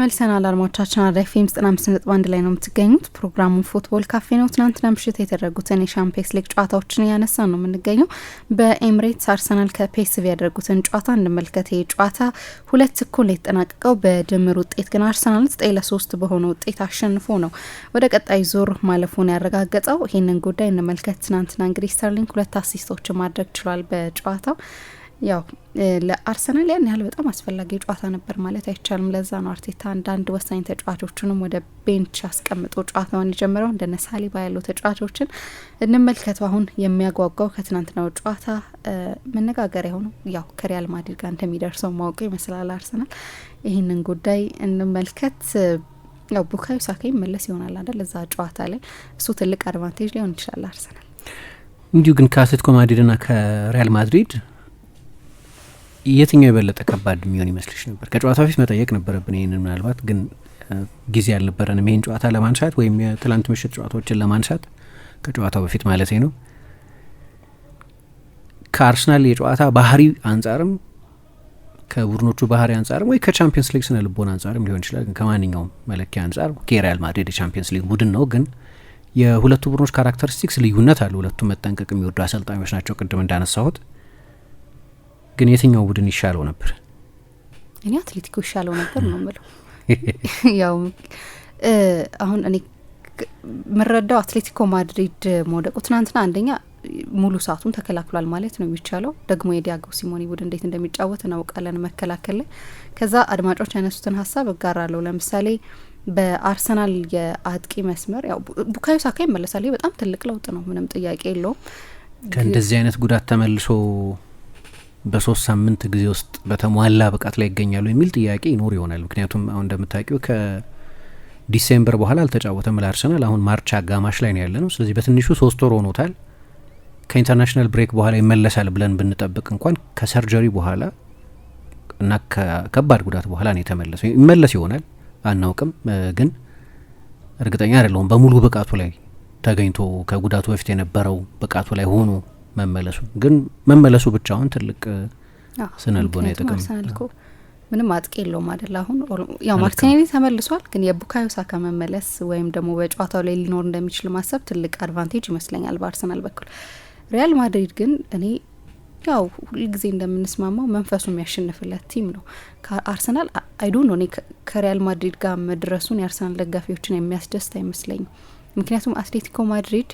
ተመልሰናል አድማጮቻችን፣ አራዳ ኤፍ ኤም ዘጠና አምስት ነጥብ አንድ ላይ ነው የምትገኙት። ፕሮግራሙ ፉትቦል ካፌ ነው። ትናንትና ምሽት የተደረጉትን የሻምፒየንስ ሊግ ጨዋታዎችን እያነሳ ነው የምንገኘው። በኤምሬትስ አርሰናል ከፔስቪ ያደረጉትን ጨዋታ እንመልከት። ይህ ጨዋታ ሁለት እኩል የተጠናቀቀው በድምር ውጤት ግን አርሰናል ዘጠኝ ለሶስት በሆነ ውጤት አሸንፎ ነው ወደ ቀጣይ ዙር ማለፉን ያረጋገጠው። ይህንን ጉዳይ እንመልከት። ትናንትና እንግዲህ ስተርሊንግ ሁለት አሲስቶችን ማድረግ ችሏል በጨዋታው ያው ለአርሰናል ያን ያህል በጣም አስፈላጊ ጨዋታ ነበር ማለት አይቻልም። ለዛ ነው አርቴታ አንዳንድ ወሳኝ ተጫዋቾቹንም ወደ ቤንች አስቀምጦ ጨዋታውን የጀመረው። እንደነ ሳሊባ ያሉ ተጫዋቾችን እንመልከተው አሁን የሚያጓጓው ከትናንትናው ጨዋታ መነጋገር የሆኑ ያው ከሪያል ማድሪድ ጋር እንደሚደርሰው ማወቁ ይመስላል አርሰናል። ይህንን ጉዳይ እንመልከት። ያው ቡካዮ ሳካ መለስ ይሆናል አይደል? እዛ ጨዋታ ላይ እሱ ትልቅ አድቫንቴጅ ሊሆን ይችላል አርሰናል። እንዲሁ ግን ከአትሌቲኮ ማድሪድና ከሪያል ማድሪድ የትኛው የበለጠ ከባድ የሚሆን ይመስልሽ ነበር? ከጨዋታ በፊት መጠየቅ ነበረብን ይህንን ምናልባት ግን ጊዜ አልነበረንም ይህን ጨዋታ ለማንሳት ወይም የትላንት ምሽት ጨዋታዎችን ለማንሳት ከጨዋታው በፊት ማለት ነው። ከአርሰናል የጨዋታ ባህሪ አንጻርም ከቡድኖቹ ባህሪ አንጻርም ወይ ከቻምፒየንስ ሊግ ስነ ልቦና አንጻርም ሊሆን ይችላል። ግን ከማንኛውም መለኪያ አንጻር ሪያል ማድሪድ የቻምፒየንስ ሊግ ቡድን ነው። ግን የሁለቱ ቡድኖች ካራክተሪስቲክስ ልዩነት አለ። ሁለቱም መጠንቀቅ የሚወዱ አሰልጣኞች ናቸው። ቅድም እንዳነሳሁት ግን የትኛው ቡድን ይሻለው ነበር? እኔ አትሌቲኮ ይሻለው ነበር ነው ምለው። ያው አሁን እኔ ምረዳው አትሌቲኮ ማድሪድ መውደቁ ትናንትና አንደኛ ሙሉ ሰዓቱን ተከላክሏል ማለት ነው የሚቻለው። ደግሞ የዲያጎ ሲሞኒ ቡድን እንዴት እንደሚጫወት እናውቃለን መከላከል ላይ። ከዛ አድማጮች ያነሱትን ሀሳብ እጋራለሁ። ለምሳሌ በአርሰናል የአጥቂ መስመር ያው ቡካዮ ሳካ ይመለሳል። ይህ በጣም ትልቅ ለውጥ ነው፣ ምንም ጥያቄ የለውም። ከእንደዚህ አይነት ጉዳት ተመልሶ በሶስት ሳምንት ጊዜ ውስጥ በተሟላ ብቃት ላይ ይገኛሉ የሚል ጥያቄ ይኖር ይሆናል። ምክንያቱም አሁን እንደምታውቂው ከዲሴምበር በኋላ አልተጫወተም ለአርሰናል። አሁን ማርች አጋማሽ ላይ ነው ያለ ነው። ስለዚህ በትንሹ ሶስት ወር ሆኖታል። ከኢንተርናሽናል ብሬክ በኋላ ይመለሳል ብለን ብንጠብቅ እንኳን ከሰርጀሪ በኋላ እና ከከባድ ጉዳት በኋላ ነው የተመለሰው። ይመለስ ይሆናል አናውቅም፣ ግን እርግጠኛ አይደለሁም በሙሉ ብቃቱ ላይ ተገኝቶ ከጉዳቱ በፊት የነበረው ብቃቱ ላይ ሆኖ መመለሱ ግን መመለሱ ብቻውን ትልቅ ስነልቦና ጥቅም ምንም አጥቂ የለውም አይደል? አሁን ያው ማርቲኔሊ ተመልሷል፣ ግን የቡካዮሳ ከመመለስ መመለስ ወይም ደግሞ በጨዋታው ላይ ሊኖር እንደሚችል ማሰብ ትልቅ አድቫንቴጅ ይመስለኛል በአርሰናል በኩል። ሪያል ማድሪድ ግን እኔ ያው ሁልጊዜ እንደምንስማማው መንፈሱ የሚያሸንፍለት ቲም ነው። አርሰናል አይዶ ነው። እኔ ከሪያል ማድሪድ ጋር መድረሱን የአርሰናል ደጋፊዎችን የሚያስደስት አይመስለኝም። ምክንያቱም አትሌቲኮ ማድሪድ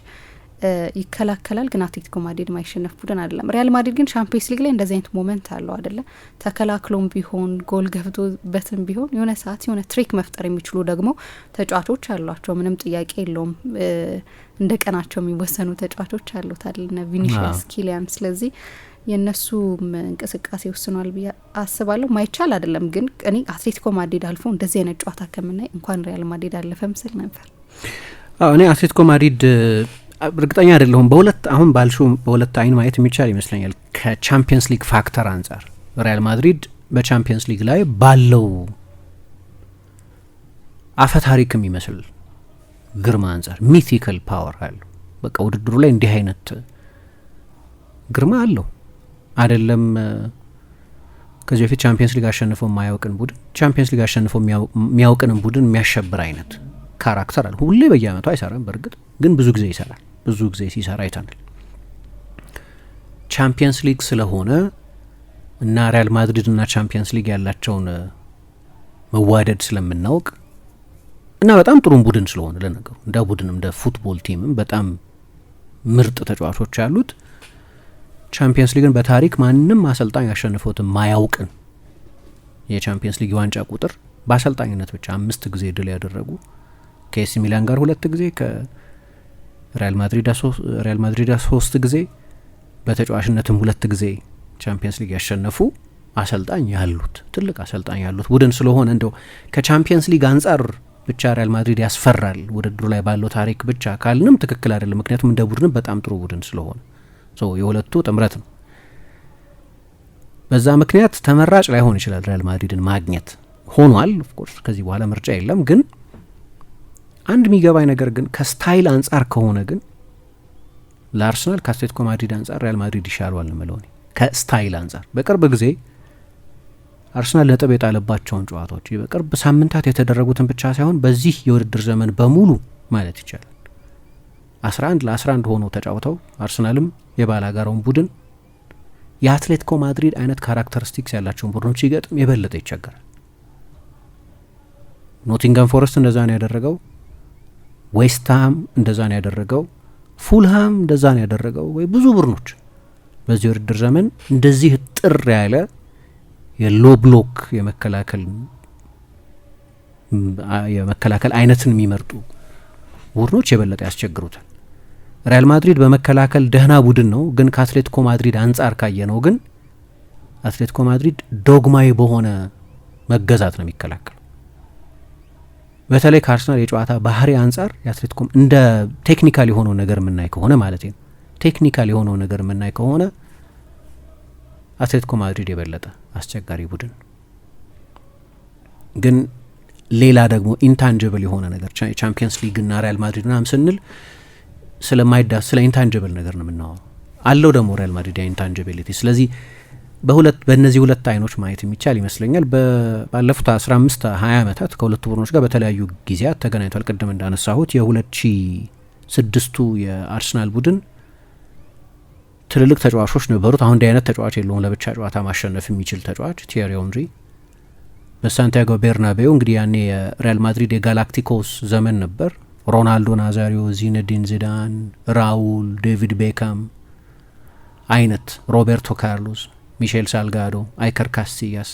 ይከላከላል። ግን አትሌቲኮ ማድሪድ ማይሸነፍ ቡድን አይደለም። ሪያል ማድሪድ ግን ሻምፒየንስ ሊግ ላይ እንደዚህ አይነት ሞመንት አለው አደለ? ተከላክሎም ቢሆን ጎል ገብቶበትም ቢሆን የሆነ ሰዓት የሆነ ትሪክ መፍጠር የሚችሉ ደግሞ ተጫዋቾች አሏቸው። ምንም ጥያቄ የለውም። እንደ ቀናቸው የሚወሰኑ ተጫዋቾች አሉት አይደለ? ቪኒሽስ ኪሊያን ስለዚህ የእነሱም እንቅስቃሴ ወስኗል ብዬ አስባለሁ። ማይቻል አይደለም ግን እኔ አትሌቲኮ ማድሪድ አልፎ እንደዚህ አይነት ጨዋታ ከምናይ እንኳን ሪያል ማድሪድ አለፈ ምስል ነበር። እኔ አትሌቲኮ ማድሪድ እርግጠኛ አይደለሁም። በሁለት አሁን ባልሹ በሁለት አይን ማየት የሚቻል ይመስለኛል። ከቻምፒየንስ ሊግ ፋክተር አንጻር ሪያል ማድሪድ በቻምፒየንስ ሊግ ላይ ባለው አፈ ታሪክ የሚመስል ግርማ አንጻር ሚቲካል ፓወር አለው። በቃ ውድድሩ ላይ እንዲህ አይነት ግርማ አለው አይደለም። ከዚህ በፊት ቻምፒየንስ ሊግ አሸንፎ የማያውቅን ቡድን ቻምፒየንስ ሊግ አሸንፎ የሚያውቅንም ቡድን የሚያሸብር አይነት ካራክተር አለ። ሁሌ በየአመቱ አይሰራም፣ በእርግጥ ግን ብዙ ጊዜ ይሰራል። ብዙ ጊዜ ሲሰራ አይተናል። ቻምፒየንስ ሊግ ስለሆነ እና ሪያል ማድሪድ እና ቻምፒየንስ ሊግ ያላቸውን መዋደድ ስለምናውቅ እና በጣም ጥሩም ቡድን ስለሆነ ለነገሩ እንደ ቡድን እንደ ፉትቦል ቲምም በጣም ምርጥ ተጫዋቾች ያሉት ቻምፒየንስ ሊግን በታሪክ ማንም አሰልጣኝ ያሸንፈውት ማያውቅን የቻምፒየንስ ሊግ ዋንጫ ቁጥር በአሰልጣኝነት ብቻ አምስት ጊዜ ድል ያደረጉ ከኤሲ ሚላን ጋር ሁለት ጊዜ ከሪያል ማድሪድ ሶስት ጊዜ በተጫዋችነትም ሁለት ጊዜ ቻምፒየንስ ሊግ ያሸነፉ አሰልጣኝ ያሉት ትልቅ አሰልጣኝ ያሉት ቡድን ስለሆነ እንደው ከቻምፒየንስ ሊግ አንጻር ብቻ ሪያል ማድሪድ ያስፈራል ውድድሩ ላይ ባለው ታሪክ ብቻ ካልንም ትክክል አይደለም። ምክንያቱም እንደ ቡድንም በጣም ጥሩ ቡድን ስለሆነ የሁለቱ ጥምረት ነው። በዛ ምክንያት ተመራጭ ላይሆን ይችላል ሪያል ማድሪድን ማግኘት ሆኗል። ኦፍኮርስ ከዚህ በኋላ ምርጫ የለም ግን አንድ የሚገባኝ ነገር ግን ከስታይል አንጻር ከሆነ ግን ለአርሰናል ከአትሌቲኮ ማድሪድ አንጻር ሪያል ማድሪድ ይሻለዋል ምለው ከስታይል አንጻር በቅርብ ጊዜ አርሰናል ነጥብ የጣለባቸውን ጨዋታዎች በቅርብ ሳምንታት የተደረጉትን ብቻ ሳይሆን በዚህ የውድድር ዘመን በሙሉ ማለት ይቻላል አስራ አንድ ለአስራ አንድ ሆኖ ተጫውተው አርሰናልም የባላጋራውን ቡድን የአትሌቲኮ ማድሪድ አይነት ካራክተሪስቲክስ ያላቸውን ቡድኖች ሲገጥም የበለጠ ይቸገራል። ኖቲንጋም ፎረስት እንደዛ ነው ያደረገው። ዌስትሃም እንደዛ ነው ያደረገው፣ ፉልሃም እንደዛ ነው ያደረገው። ወይ ብዙ ቡድኖች በዚህ ውድድር ዘመን እንደዚህ ጥር ያለ የሎ ብሎክ የመከላከል የመከላከል አይነትን የሚመርጡ ቡድኖች የበለጠ ያስቸግሩታል። ሪያል ማድሪድ በመከላከል ደህና ቡድን ነው፣ ግን ከአትሌቲኮ ማድሪድ አንጻር ካየ ነው ግን አትሌቲኮ ማድሪድ ዶግማዊ በሆነ መገዛት ነው የሚከላከል በተለይ ከአርሰናል የጨዋታ ባህሪ አንጻር የአትሌቲኮም እንደ ቴክኒካል የሆነው ነገር የምናይ ከሆነ ማለት ነው ቴክኒካል የሆነው ነገር የምናይ ከሆነ አትሌቲኮ ማድሪድ የበለጠ አስቸጋሪ ቡድን ግን ሌላ ደግሞ ኢንታንጀብል የሆነ ነገር ቻምፒየንስ ሊግ ና ሪያል ማድሪድ ናም ስንል ስለማይዳ ስለ ኢንታንጀብል ነገር ነው የምናወራው። አለው ደግሞ ሪያል ማድሪድ ኢንታንጀብሊቲ ስለዚህ በሁለት በእነዚህ ሁለት አይኖች ማየት የሚቻል ይመስለኛል። ባለፉት አስራ አምስት ሀያ ዓመታት ከሁለቱ ቡድኖች ጋር በተለያዩ ጊዜያት ተገናኝቷል። ቅድም እንዳነሳሁት የ ሺ ስድስቱ የአርሰናል ቡድን ትልልቅ ተጫዋቾች ነበሩት። አሁን እንዲህ አይነት ተጫዋች የለውም። ለብቻ ጨዋታ ማሸነፍ የሚችል ተጫዋች ቲየሪ ኦንሪ በሳንቲያጎ ቤርናቤው እንግዲህ ያኔ የሪያል ማድሪድ የጋላክቲኮስ ዘመን ነበር። ሮናልዶ ናዛሪዮ፣ ዚነዲን ዚዳን፣ ራውል፣ ዴቪድ ቤካም አይነት ሮቤርቶ ካርሎስ ሚሼል ሳልጋዶ፣ አይከር ካሲያስ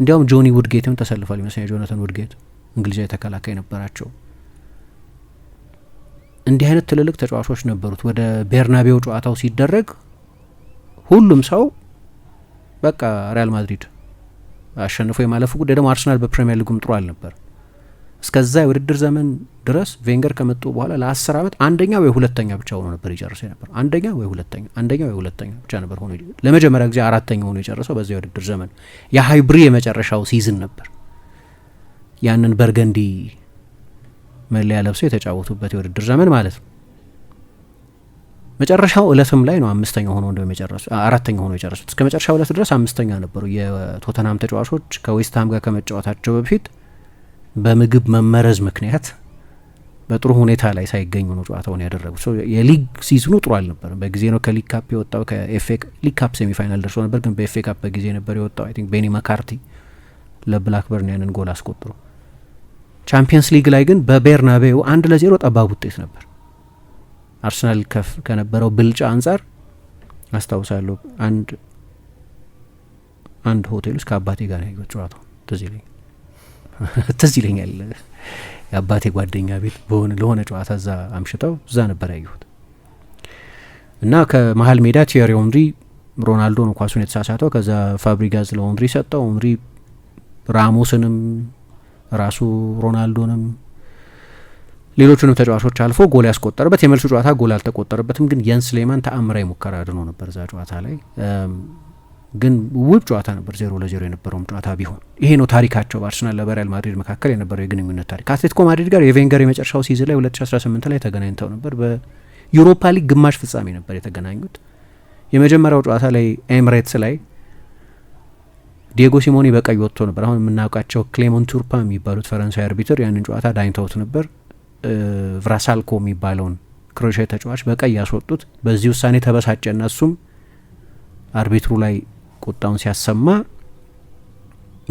እንዲያውም ጆኒ ውድጌትም ተሰልፏል ይመስለኛል። ጆናታን ውድጌት እንግሊዛዊ ተከላካይ ነበራቸው። እንዲህ አይነት ትልልቅ ተጫዋቾች ነበሩት። ወደ ቤርናቤው ጨዋታው ሲደረግ ሁሉም ሰው በቃ ሪያል ማድሪድ አሸንፎ የማለፉ ጉዳይ ደግሞ አርሰናል በፕሪሚየር ሊጉም ጥሩ አልነበር እስከዛ የውድድር ዘመን ድረስ ቬንገር ከመጡ በኋላ ለአስር ዓመት አንደኛ ወይ ሁለተኛ ብቻ ሆኖ ነበር የጨርሰ ነበር። አንደኛ ወይ ሁለተኛ፣ አንደኛ ወይ ሁለተኛ ብቻ ነበር ሆኖ ለመጀመሪያ ጊዜ አራተኛ ሆኖ የጨረሰው በዚያ የውድድር ዘመን የሃይብሪ የመጨረሻው ሲዝን ነበር። ያንን በርገንዲ መለያ ለብሰው የተጫወቱበት የውድድር ዘመን ማለት ነው። መጨረሻው እለትም ላይ ነው አምስተኛ ሆኖ እንደው የጨረሱ አራተኛ ሆኖ የጨረሱት። እስከ መጨረሻው እለት ድረስ አምስተኛ ነበሩ። የቶተናም ተጫዋቾች ከዌስትሃም ጋር ከመጫወታቸው በፊት በምግብ መመረዝ ምክንያት በጥሩ ሁኔታ ላይ ሳይገኙ ነው ጨዋታውን ያደረጉት። የሊግ ሲዝኑ ጥሩ አልነበርም። በጊዜ ነው ከሊግ ካፕ የወጣው። ከኤፌ ሊግ ካፕ ሴሚፋይናል ደርሶ ነበር፣ ግን በኤፌ ካፕ በጊዜ ነበር የወጣው። አይ ቲንክ ቤኒ መካርቲ ለብላክበርን ያንን ጎል አስቆጥሮ፣ ቻምፒየንስ ሊግ ላይ ግን በቤርናቤው አንድ ለዜሮ ጠባብ ውጤት ነበር። አርሰናል ከነበረው ብልጫ አንጻር አስታውሳለሁ አንድ አንድ ሆቴል ውስጥ ከአባቴ ጋር ያየሁት ጨዋታው ትዝ ይለኛል። ትዝ ይለኛል የአባቴ ጓደኛ ቤት በሆነ ለሆነ ጨዋታ እዛ አምሽተው እዛ ነበር ያየሁት እና ከመሀል ሜዳ ቲየሪ ኦንሪ ሮናልዶ ነው ኳሱን የተሳሳተው። ከዛ ፋብሪጋዝ ለኦንሪ ሰጠው። ኦንሪ ራሞስንም ራሱ ሮናልዶንም ሌሎቹንም ተጫዋቾች አልፎ ጎል ያስቆጠረበት የመልሱ ጨዋታ ጎል አልተቆጠረበትም፣ ግን የንስ ሌማን ተአምራዊ ሙከራ አድኖ ነበር እዛ ጨዋታ ላይ ግን ውብ ጨዋታ ነበር፣ ዜሮ ለዜሮ የነበረውም ጨዋታ ቢሆን። ይሄ ነው ታሪካቸው በአርሰናል በሪያል ማድሪድ መካከል የነበረው የግንኙነት ታሪክ። ከአትሌቲኮ ማድሪድ ጋር የቬንገር የመጨረሻው ሲዝ ላይ 2018 ላይ ተገናኝተው ነበር። በዩሮፓ ሊግ ግማሽ ፍጻሜ ነበር የተገናኙት። የመጀመሪያው ጨዋታ ላይ ኤምሬትስ ላይ ዲየጎ ሲሞኔ በቀይ ወጥቶ ነበር። አሁን የምናውቃቸው ክሌሞን ቱርፓ የሚባሉት ፈረንሳይ አርቢትር ያንን ጨዋታ ዳኝተውት ነበር። ቭራሳልኮ የሚባለውን ክሮኤሽያ ተጫዋች በቀይ ያስወጡት። በዚህ ውሳኔ ተበሳጨና እሱም አርቢትሩ ላይ ቁጣውን ሲያሰማ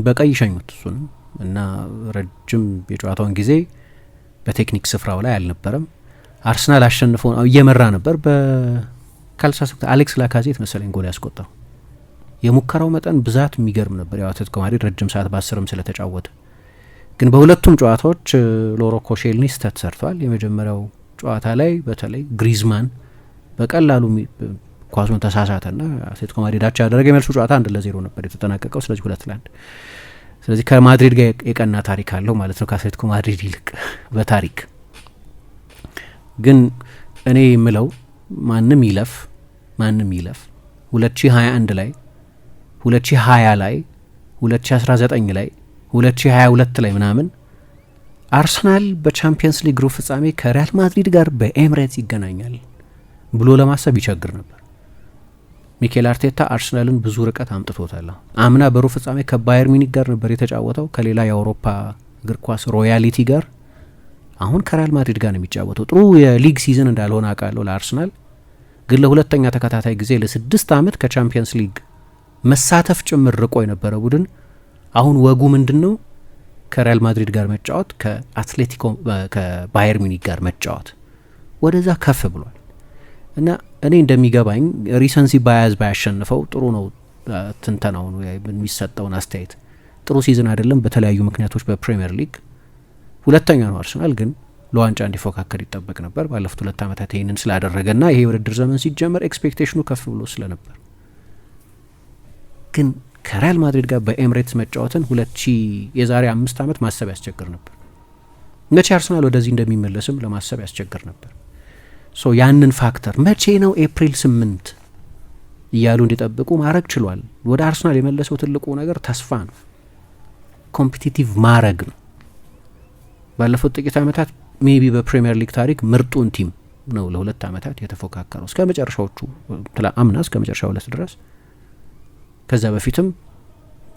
በቀይ ሸኙት እሱንም እና ረጅም የጨዋታውን ጊዜ በቴክኒክ ስፍራው ላይ አልነበረም። አርሰናል አሸንፎ እየመራ ነበር። በካልሳስክት አሌክስ ላካዜት መሰለኝ ጎል ያስቆጠረው። የሙከራው መጠን ብዛት የሚገርም ነበር። ያው አትሌቲኮ ማድሪድ ረጅም ሰዓት በአስርም ስለተጫወተ ግን በሁለቱም ጨዋታዎች ሎሮ ኮሼልኒ ስህተት ሰርቷል። የመጀመሪያው ጨዋታ ላይ በተለይ ግሪዝማን በቀላሉ ኳሱን ተሳሳተ ና አትሌቲኮ ማድሪድ አቻ ያደረገ። የመልሱ ጨዋታ አንድ ለዜሮ ነበር የተጠናቀቀው፣ ስለዚህ ሁለት ለአንድ። ስለዚህ ከማድሪድ ጋር የቀና ታሪክ አለው ማለት ነው ከአትሌቲኮ ማድሪድ ይልቅ በታሪክ ግን እኔ የምለው ማንም ይለፍ ማንም ይለፍ ሁለት ሺ ሀያ አንድ ላይ ሁለት ሺ ሀያ ላይ ሁለት ሺ አስራ ዘጠኝ ላይ ሁለት ሺ ሀያ ሁለት ላይ ምናምን አርሰናል በቻምፒየንስ ሊግ ሩብ ፍጻሜ ከሪያል ማድሪድ ጋር በኤምሬት ይገናኛል ብሎ ለማሰብ ይቸግር ነበር። ሚኬል አርቴታ አርሰናልን ብዙ ርቀት አምጥቶታል። አምና በሩብ ፍጻሜ ከባየር ሚኒክ ጋር ነበር የተጫወተው ከሌላ የአውሮፓ እግር ኳስ ሮያሊቲ ጋር። አሁን ከሪያል ማድሪድ ጋር ነው የሚጫወተው። ጥሩ የሊግ ሲዝን እንዳልሆነ አውቃለሁ ለአርሰናል ግን ለሁለተኛ ተከታታይ ጊዜ ለስድስት ዓመት ከቻምፒየንስ ሊግ መሳተፍ ጭምር ርቆ የነበረ ቡድን አሁን ወጉ ምንድን ነው? ከሪያል ማድሪድ ጋር መጫወት፣ ከአትሌቲኮ ከባየር ሚኒክ ጋር መጫወት ወደዛ ከፍ ብሏል። እና እኔ እንደሚገባኝ ሪሰንሲ ባያዝ ባያሸንፈው ጥሩ ነው። ትንተናው የሚሰጠውን አስተያየት ጥሩ ሲዝን አይደለም፣ በተለያዩ ምክንያቶች በፕሪምየር ሊግ ሁለተኛ ነው። አርሰናል ግን ለዋንጫ እንዲፎካከር ይጠበቅ ነበር። ባለፉት ሁለት ዓመታት ይህንን ስላደረገ ና ይሄ የውድድር ዘመን ሲጀመር ኤክስፔክቴሽኑ ከፍ ብሎ ስለነበር ግን ከሪያል ማድሪድ ጋር በኤምሬትስ መጫወትን ሁለት ሺ የዛሬ አምስት ዓመት ማሰብ ያስቸግር ነበር። መቼ አርሰናል ወደዚህ እንደሚመለስም ለማሰብ ያስቸግር ነበር። ያንን ፋክተር መቼ ነው ኤፕሪል ስምንት እያሉ እንዲጠብቁ ማድረግ ችሏል። ወደ አርሰናል የመለሰው ትልቁ ነገር ተስፋ ነው፣ ኮምፒቲቲቭ ማረግ ነው። ባለፉት ጥቂት ዓመታት ሜቢ በፕሪምየር ሊግ ታሪክ ምርጡን ቲም ነው ለሁለት ዓመታት የተፎካከረው እስከ መጨረሻዎቹ አምና እስከ መጨረሻ ሁለት ድረስ ከዛ በፊትም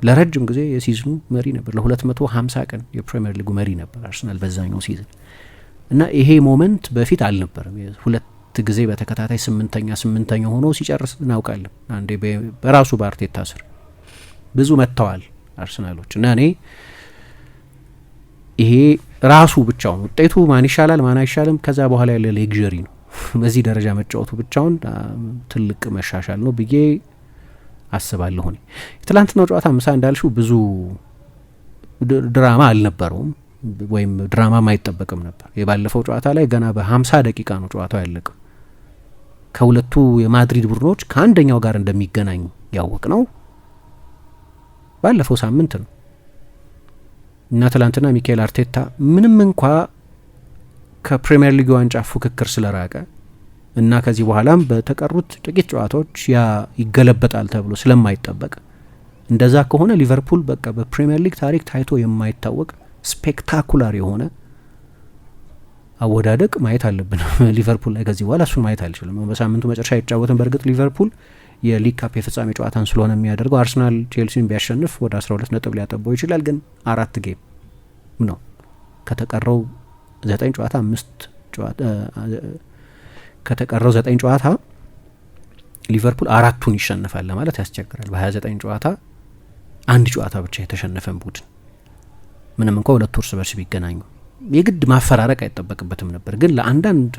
ለረጅም ጊዜ የሲዝኑ መሪ ነበር። ለ250 ቀን የፕሪምየር ሊጉ መሪ ነበር አርሰናል በዛኛው ሲዝን እና ይሄ ሞመንት በፊት አልነበረም። ሁለት ጊዜ በተከታታይ ስምንተኛ ስምንተኛ ሆኖ ሲጨርስ እናውቃለን። አንዴ በራሱ በአርቴታ ስር ብዙ መጥተዋል አርሰናሎች እና እኔ ይሄ ራሱ ብቻውን ውጤቱ ማን ይሻላል ማን አይሻልም ከዛ በኋላ ያለ ሌግዠሪ ነው። በዚህ ደረጃ መጫወቱ ብቻውን ትልቅ መሻሻል ነው ብዬ አስባለሁ። እኔ የትላንትናው ጨዋታ ምሳ እንዳልሽው ብዙ ድራማ አልነበረውም። ወይም ድራማም አይጠበቅም ነበር። የባለፈው ጨዋታ ላይ ገና በሀምሳ ደቂቃ ነው ጨዋታው ያለቀው። ከሁለቱ የማድሪድ ቡድኖች ከአንደኛው ጋር እንደሚገናኝ ያወቅ ነው ባለፈው ሳምንት ነው እና ትላንትና ሚካኤል አርቴታ ምንም እንኳ ከፕሪምየር ሊግ ዋንጫ ፉክክር ስለራቀ እና ከዚህ በኋላም በተቀሩት ጥቂት ጨዋታዎች ያ ይገለበጣል ተብሎ ስለማይጠበቅ እንደዛ ከሆነ ሊቨርፑል በቃ በፕሪምየር ሊግ ታሪክ ታይቶ የማይታወቅ ስፔክታኩላር የሆነ አወዳደቅ ማየት አለብን ሊቨርፑል ላይ። ከዚህ በኋላ እሱን ማየት አልችልም። በሳምንቱ መጨረሻ አይጫወትም። በእርግጥ ሊቨርፑል የሊግ ካፕ የፍጻሜ ጨዋታን ስለሆነ የሚያደርገው አርሰናል ቼልሲን ቢያሸንፍ ወደ 12 ነጥብ ሊያጠባው ይችላል። ግን አራት ጌም ነው ከተቀረው ዘጠኝ ጨዋታ አምስት ጨዋታ ከተቀረው ዘጠኝ ጨዋታ ሊቨርፑል አራቱን ይሸንፋል ለማለት ያስቸግራል። በ29 ጨዋታ አንድ ጨዋታ ብቻ የተሸነፈን ቡድን ምንም እንኳ ሁለቱ እርስ በርስ ቢገናኙ የግድ ማፈራረቅ አይጠበቅበትም ነበር። ግን ለአንዳንድ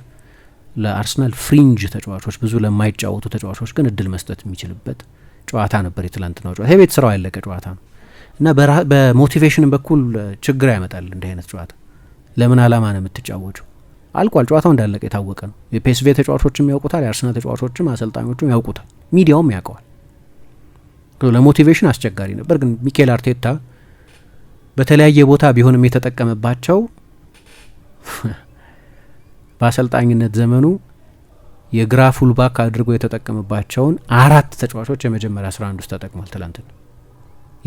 ለአርሰናል ፍሪንጅ ተጫዋቾች፣ ብዙ ለማይጫወቱ ተጫዋቾች ግን እድል መስጠት የሚችልበት ጨዋታ ነበር የትላንትናው ጨዋታ። የቤት ስራው ያለቀ ጨዋታ ነው እና በሞቲቬሽን በኩል ችግር ያመጣል እንዲህ አይነት ጨዋታ። ለምን አላማ ነው የምትጫወጩ? አልቋል። ጨዋታው እንዳለቀ የታወቀ ነው። የፒኤስቪ ተጫዋቾችም ያውቁታል፣ የአርሰናል ተጫዋቾችም አሰልጣኞችም ያውቁታል፣ ሚዲያውም ያውቀዋል። ለሞቲቬሽን አስቸጋሪ ነበር። ግን ሚኬል አርቴታ በተለያየ ቦታ ቢሆንም የተጠቀመባቸው በአሰልጣኝነት ዘመኑ የግራ ፉልባክ አድርጎ የተጠቀመባቸውን አራት ተጫዋቾች የመጀመሪያ አስራ አንድ ውስጥ ተጠቅሟል። ትላንትና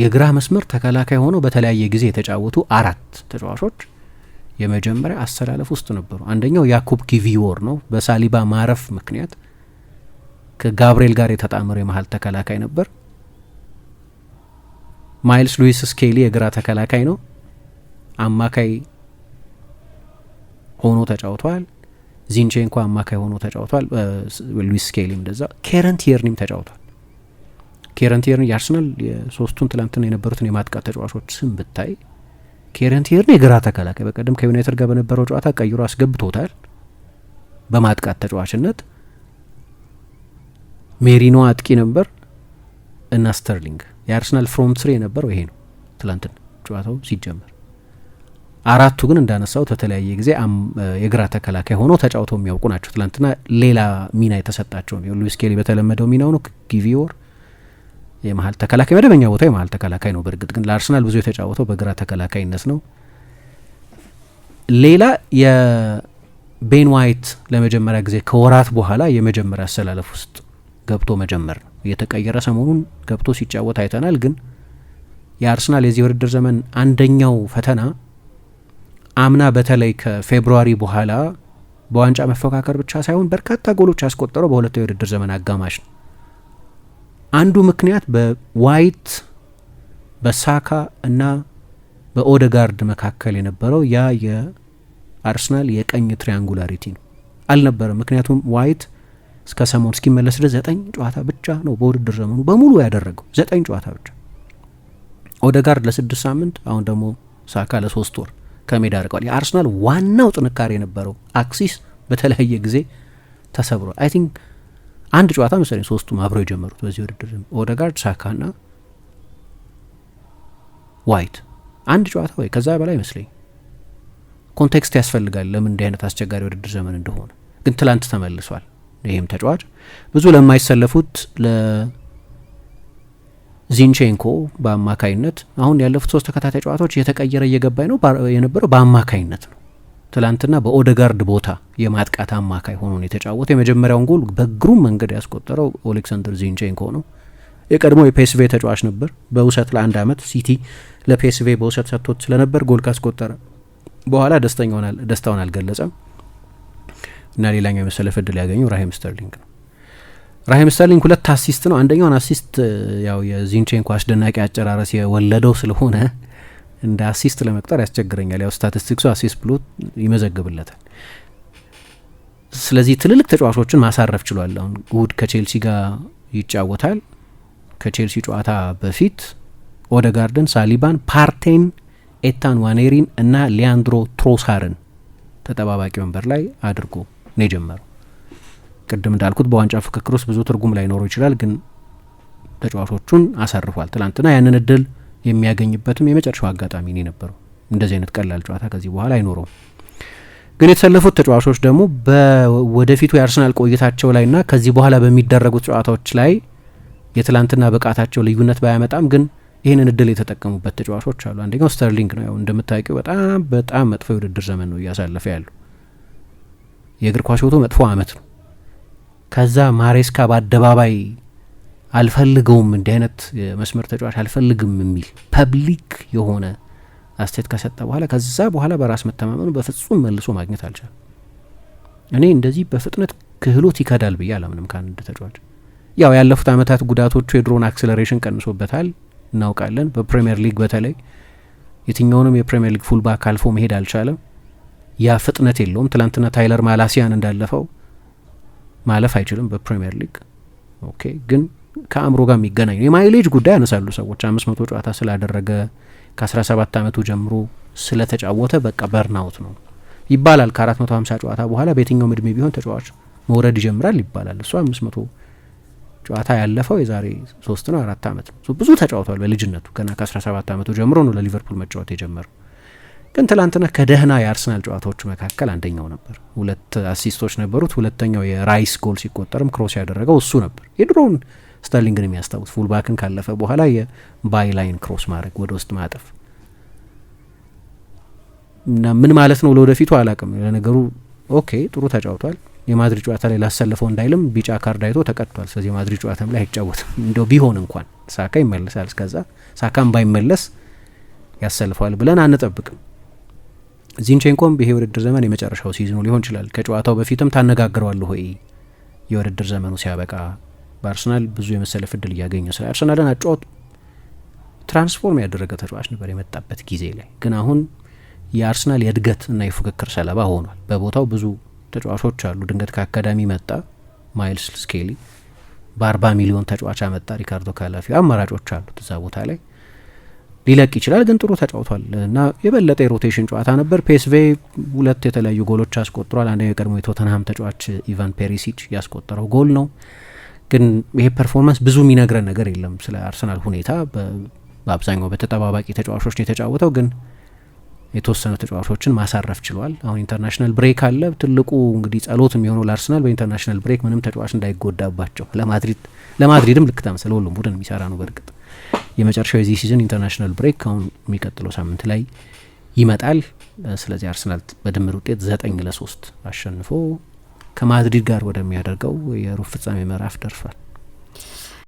የግራ መስመር ተከላካይ ሆነው በተለያየ ጊዜ የተጫወቱ አራት ተጫዋቾች የመጀመሪያ አሰላለፍ ውስጥ ነበሩ። አንደኛው ያኩብ ኪቪዮር ነው። በሳሊባ ማረፍ ምክንያት ከጋብርኤል ጋር የተጣመረ የመሀል ተከላካይ ነበር። ማይልስ ሉዊስ ስኬሊ የግራ ተከላካይ ነው። አማካይ ሆኖ ዚንቼ ዚንቼንኮ አማካይ ሆኖ ተጫውቷል። ሉዊስ ስኬሊም እንደዛ። ኬረን ቲየርኒም ተጫውቷል። ኬረን ቲየርኒ የአርሰናል የሶስቱን ትላንትና የነበሩትን የማጥቃት ተጫዋቾች ስም ብታይ ኬረን ቲየርኒ የግራ ተከላካይ በቀደም ከዩናይትድ ጋር በነበረው ጨዋታ ቀይሮ አስገብቶታል በማጥቃት ተጫዋችነት። ሜሪኖ አጥቂ ነበር እና ስተርሊንግ የአርሰናል ፍሮንት ስሪ የነበረው ይሄ ነው። ትላንትና ጨዋታው ሲጀመር አራቱ ግን እንዳነሳው ተተለያየ ጊዜ የግራ ተከላካይ ሆነው ተጫውተው የሚያውቁ ናቸው። ትላንትና ሌላ ሚና የተሰጣቸው ነው። ሉዊስ ኬሊ በተለመደው ሚናው ነው። ጊቪዮር የመሀል ተከላካይ መደበኛ ቦታ የመሀል ተከላካይ ነው። በእርግጥ ግን ለአርሰናል ብዙ የተጫወተው በግራ ተከላካይነት ነው። ሌላ የቤን ዋይት ለመጀመሪያ ጊዜ ከወራት በኋላ የመጀመሪያ አሰላለፍ ውስጥ ገብቶ መጀመር ነው። እየተቀየረ ሰሞኑን ገብቶ ሲጫወት አይተናል። ግን የአርሰናል የዚህ ውድድር ዘመን አንደኛው ፈተና አምና በተለይ ከፌብሩዋሪ በኋላ በዋንጫ መፎካከር ብቻ ሳይሆን በርካታ ጎሎች ያስቆጠረው በሁለቱ የውድድር ዘመን አጋማሽ ነው። አንዱ ምክንያት በዋይት በሳካ እና በኦደጋርድ መካከል የነበረው ያ የአርሰናል የቀኝ ትሪያንጉላሪቲ ነው አልነበረም። ምክንያቱም ዋይት እስከ ሰሞን እስኪመለስ ድረስ ዘጠኝ ጨዋታ ብቻ ነው በውድድር ዘመኑ በሙሉ ያደረገው ዘጠኝ ጨዋታ ብቻ። ኦደጋርድ ለስድስት ሳምንት አሁን ደግሞ ሳካ ለሶስት ወር ከሜዳ ርቀዋል። የአርሰናል ዋናው ጥንካሬ የነበረው አክሲስ በተለያየ ጊዜ ተሰብሯል። አይ ቲንክ አንድ ጨዋታ መሰለኝ ሶስቱም አብረው የጀመሩት በዚህ ውድድር ኦደጋርድ፣ ሳካና ዋይት አንድ ጨዋታ ወይ ከዛ በላይ ይመስለኝ። ኮንቴክስት ያስፈልጋል ለምን እንዲህ አይነት አስቸጋሪ ውድድር ዘመን እንደሆነ ግን ትላንት ተመልሷል። ይህም ተጫዋች ብዙ ለማይሰለፉት ለዚንቼንኮ በአማካይነት አሁን ያለፉት ሶስት ተከታታይ ጨዋታዎች እየተቀየረ እየገባኝ ነው የነበረው በአማካይነት ነው። ትላንትና በኦደጋርድ ቦታ የማጥቃት አማካይ ሆኖ ነው የተጫወተ። የመጀመሪያውን ጎል በግሩም መንገድ ያስቆጠረው ኦሌክሳንደር ዚንቼንኮ ነው። የቀድሞ የፔስቬ ተጫዋች ነበር። በውሰት ለአንድ አመት ሲቲ ለፔስቬ በውሰት ሰጥቶት ስለነበር ጎል ካስቆጠረ በኋላ ደስተኛ ደስታውን አልገለጸም። እና ሌላኛው የመሰለፍ እድል ያገኘው ራሂም ስተርሊንግ ነው። ራሂም ስተርሊንግ ሁለት አሲስት ነው። አንደኛውን አሲስት ያው የዚንቼንኮ አስደናቂ አጨራረስ የወለደው ስለሆነ እንደ አሲስት ለመቁጠር ያስቸግረኛል። ያው ስታቲስቲክሱ አሲስት ብሎ ይመዘግብለታል። ስለዚህ ትልልቅ ተጫዋቾችን ማሳረፍ ችሏል። አሁን እሁድ ከቼልሲ ጋር ይጫወታል። ከቼልሲ ጨዋታ በፊት ኦደጋርድን፣ ሳሊባን፣ ፓርቴን፣ ኤታን ዋኔሪን እና ሊያንድሮ ትሮሳርን ተጠባባቂ ወንበር ላይ አድርጎ ነው የጀመረው። ቅድም እንዳልኩት በዋንጫ ፍክክር ውስጥ ብዙ ትርጉም ላይኖረው ይችላል፣ ግን ተጫዋቾቹን አሳርፏል። ትላንትና ያንን እድል የሚያገኝበትም የመጨረሻው አጋጣሚ ነው የነበረው። እንደዚህ አይነት ቀላል ጨዋታ ከዚህ በኋላ አይኖረውም። ግን የተሰለፉት ተጫዋቾች ደግሞ ወደፊቱ የአርሰናል ቆይታቸው ላይና ከዚህ በኋላ በሚደረጉት ጨዋታዎች ላይ የትላንትና ብቃታቸው ልዩነት ባያመጣም ግን ይህንን እድል የተጠቀሙበት ተጫዋቾች አሉ። አንደኛው ስተርሊንግ ነው። ያው እንደምታውቂው በጣም በጣም መጥፎ የውድድር ዘመን ነው እያሳለፈ ያለው። የእግር ኳስ ሕይወቱ መጥፎ አመት ነው። ከዛ ማሬስካ በአደባባይ አልፈልገውም እንዲህ አይነት የመስመር ተጫዋች አልፈልግም የሚል ፐብሊክ የሆነ አስተያየት ከሰጠ በኋላ ከዛ በኋላ በራስ መተማመኑ በፍጹም መልሶ ማግኘት አልቻለም። እኔ እንደዚህ በፍጥነት ክህሎት ይከዳል ብዬ አላምንም ከአንድ ተጫዋች። ያው ያለፉት አመታት ጉዳቶቹ የድሮን አክስለሬሽን ቀንሶበታል እናውቃለን። በፕሪምየር ሊግ በተለይ የትኛውንም የፕሪምየር ሊግ ፉልባክ አልፎ መሄድ አልቻለም። ያ ፍጥነት የለውም። ትላንትና ታይለር ማላሲያን እንዳለፈው ማለፍ አይችልም በፕሪምየር ሊግ ኦኬ። ግን ከአእምሮ ጋር የሚገናኝ ነው። የማይሌጅ ጉዳይ ያነሳሉ ሰዎች አምስት መቶ ጨዋታ ስላደረገ ከ17 ዓመቱ ጀምሮ ስለተጫወተ በቃ በርናውት ነው ይባላል መቶ ሀምሳ ጨዋታ በኋላ በየትኛውም እድሜ ቢሆን ተጫዋች መውረድ ይጀምራል ይባላል። እሱ አምስት መቶ ጨዋታ ያለፈው የዛሬ ሶስት ነው አራት ዓመት ነው። ብዙ ተጫውቷል። በልጅነቱ ገና ከ17 ዓመቱ ጀምሮ ነው ለሊቨርፑል መጫወት የጀመረው። ግን ትላንትና ከደህና የአርሰናል ጨዋታዎቹ መካከል አንደኛው ነበር። ሁለት አሲስቶች ነበሩት። ሁለተኛው የራይስ ጎል ሲቆጠርም ክሮስ ያደረገው እሱ ነበር። የድሮውን ስተርሊንግን የሚያስታውስ ፉልባክን ካለፈ በኋላ የባይላይን ክሮስ ማድረግ ወደ ውስጥ ማጠፍ እና ምን ማለት ነው ለወደፊቱ አላቅም። ለነገሩ ኦኬ ጥሩ ተጫውቷል። የማድሪድ ጨዋታ ላይ ላሰለፈው እንዳይልም ቢጫ ካርድ አይቶ ተቀጥቷል። ስለዚህ የማድሪድ ጨዋታም ላይ አይጫወትም። እንደው ቢሆን እንኳን ሳካ ይመለሳል። እስከዛ ሳካም ባይመለስ ያሰልፈዋል ብለን አንጠብቅም። ዚንቼንኮም ይሄ የውድድር ዘመን የመጨረሻው ሲዝኑ ሊሆን ይችላል። ከጨዋታው በፊትም ታነጋግረዋለሁ ወይ የውድድር ዘመኑ ሲያበቃ በአርሰናል ብዙ የመሰለፍ እድል እያገኘ ስለ አርሰናልን አጫወት ትራንስፎርም ያደረገ ተጫዋች ነበር የመጣበት ጊዜ ላይ ግን አሁን የአርሰናል የእድገት እና የፉክክር ሰለባ ሆኗል። በቦታው ብዙ ተጫዋቾች አሉ። ድንገት ከአካዳሚ መጣ ማይልስ ስኬሊ፣ በአርባ ሚሊዮን ተጫዋች መጣ ሪካርዶ ካላፊ አማራጮች አሉት እዛ ቦታ ላይ ሊለቅ ይችላል፣ ግን ጥሩ ተጫውቷል እና የበለጠ የሮቴሽን ጨዋታ ነበር። ፔስቬ ሁለት የተለያዩ ጎሎች አስቆጥሯል። አንደኛው የቀድሞ የቶተንሃም ተጫዋች ኢቫን ፔሪሲች ያስቆጠረው ጎል ነው። ግን ይሄ ፐርፎርማንስ ብዙ የሚነግረን ነገር የለም ስለ አርሰናል ሁኔታ። በአብዛኛው በተጠባባቂ ተጫዋቾች ነው የተጫወተው፣ ግን የተወሰኑ ተጫዋቾችን ማሳረፍ ችሏል። አሁን ኢንተርናሽናል ብሬክ አለ። ትልቁ እንግዲህ ጸሎት የሚሆነው ለአርሰናል በኢንተርናሽናል ብሬክ ምንም ተጫዋች እንዳይጎዳባቸው ለማድሪድ ለማድሪድም ልክ ተመሰለ ሁሉም ቡድን የሚሰራ ነው በእርግጥ የመጨረሻው የዚህ ሲዝን ኢንተርናሽናል ብሬክ አሁን የሚቀጥለው ሳምንት ላይ ይመጣል። ስለዚህ አርሰናል በድምር ውጤት ዘጠኝ ለሶስት አሸንፎ ከማድሪድ ጋር ወደሚያደርገው የሩብ ፍጻሜ ምዕራፍ ደርሷል።